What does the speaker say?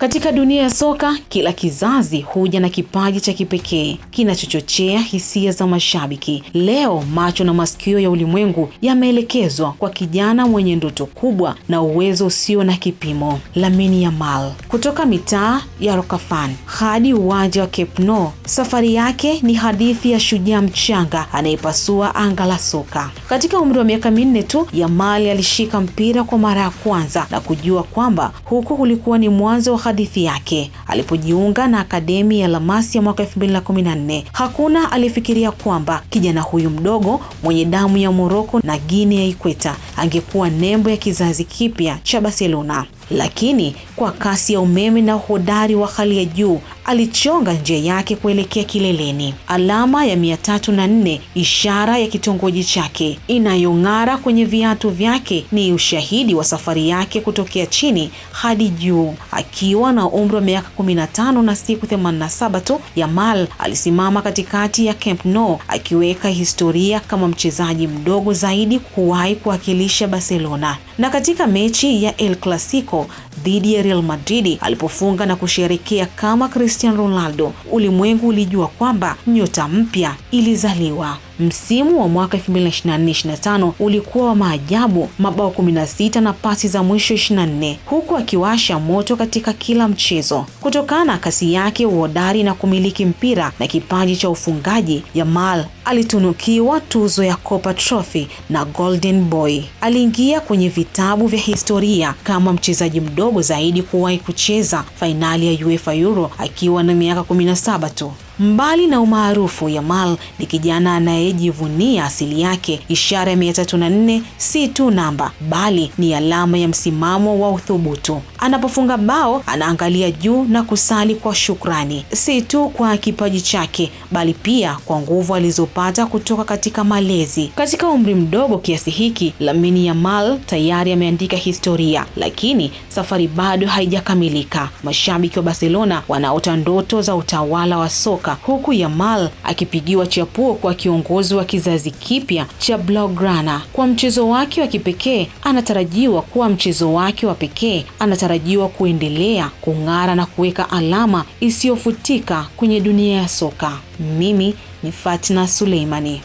Katika dunia ya soka, kila kizazi huja na kipaji cha kipekee kinachochochea hisia za mashabiki. Leo macho na masikio ya ulimwengu yameelekezwa kwa kijana mwenye ndoto kubwa na uwezo usio na kipimo, Lamine Yamal. Kutoka mitaa ya Rokafan hadi uwanja wa Camp Nou, safari yake ni hadithi ya shujaa mchanga anayepasua anga la soka. Katika umri wa miaka minne tu, Yamal alishika mpira kwa mara ya kwanza na kujua kwamba huko ulikuwa ni mwanzo wa hadithi yake. Alipojiunga na akademi ya Lamasi ya mwaka 2014 hakuna alifikiria kwamba kijana huyu mdogo mwenye damu ya Moroko na Guinea ya Ikweta angekuwa nembo ya kizazi kipya cha Barcelona, lakini kwa kasi ya umeme na uhodari wa hali ya juu alichonga njia yake kuelekea kileleni. Alama ya mia na nne, ishara ya kitongoji chake inayong'ara kwenye viatu vyake, ni ushahidi wa safari yake kutokea chini hadi juu. Akiwa na umri wa miaka 15 na siku 87 tu, Yamal alisimama katikati ya Camp Nou akiweka historia kama mchezaji mdogo zaidi kuwahi kuwakilisha kuimarisha Barcelona. Na katika mechi ya El Clasico dhidi ya Real Madrid alipofunga na kusherekea kama Cristiano Ronaldo, ulimwengu ulijua kwamba nyota mpya ilizaliwa. Msimu wa mwaka 2024 2025 ulikuwa wa maajabu, mabao 16 na pasi za mwisho 24, huku akiwasha moto katika kila mchezo. Kutokana na kasi yake, uhodari na kumiliki mpira na kipaji cha ufungaji, Yamal alitunukiwa tuzo ya Copa Trophy na Golden Boy. Aliingia kwenye vitabu vya historia kama mchezaji mdogo zaidi kuwahi kucheza fainali ya UEFA Euro akiwa na miaka 17 tu. Mbali na umaarufu, Yamal ni kijana anayejivunia asili yake. Ishara ya mia tatu na nne si tu namba, bali ni alama ya msimamo wa uthubutu. Anapofunga bao, anaangalia juu na kusali kwa shukrani, si tu kwa kipaji chake, bali pia kwa nguvu alizopata kutoka katika malezi. Katika umri mdogo kiasi hiki, Lamine Yamal tayari ameandika historia, lakini safari bado haijakamilika. Mashabiki wa Barcelona wanaota ndoto za utawala wa soka kuibuka huku Yamal akipigiwa chapuo kwa kiongozi wa kizazi kipya cha Blaugrana kwa mchezo wake wa kipekee. Anatarajiwa kuwa mchezo wake wa pekee, anatarajiwa kuendelea kung'ara na kuweka alama isiyofutika kwenye dunia ya soka. Mimi ni Fatna Suleimani.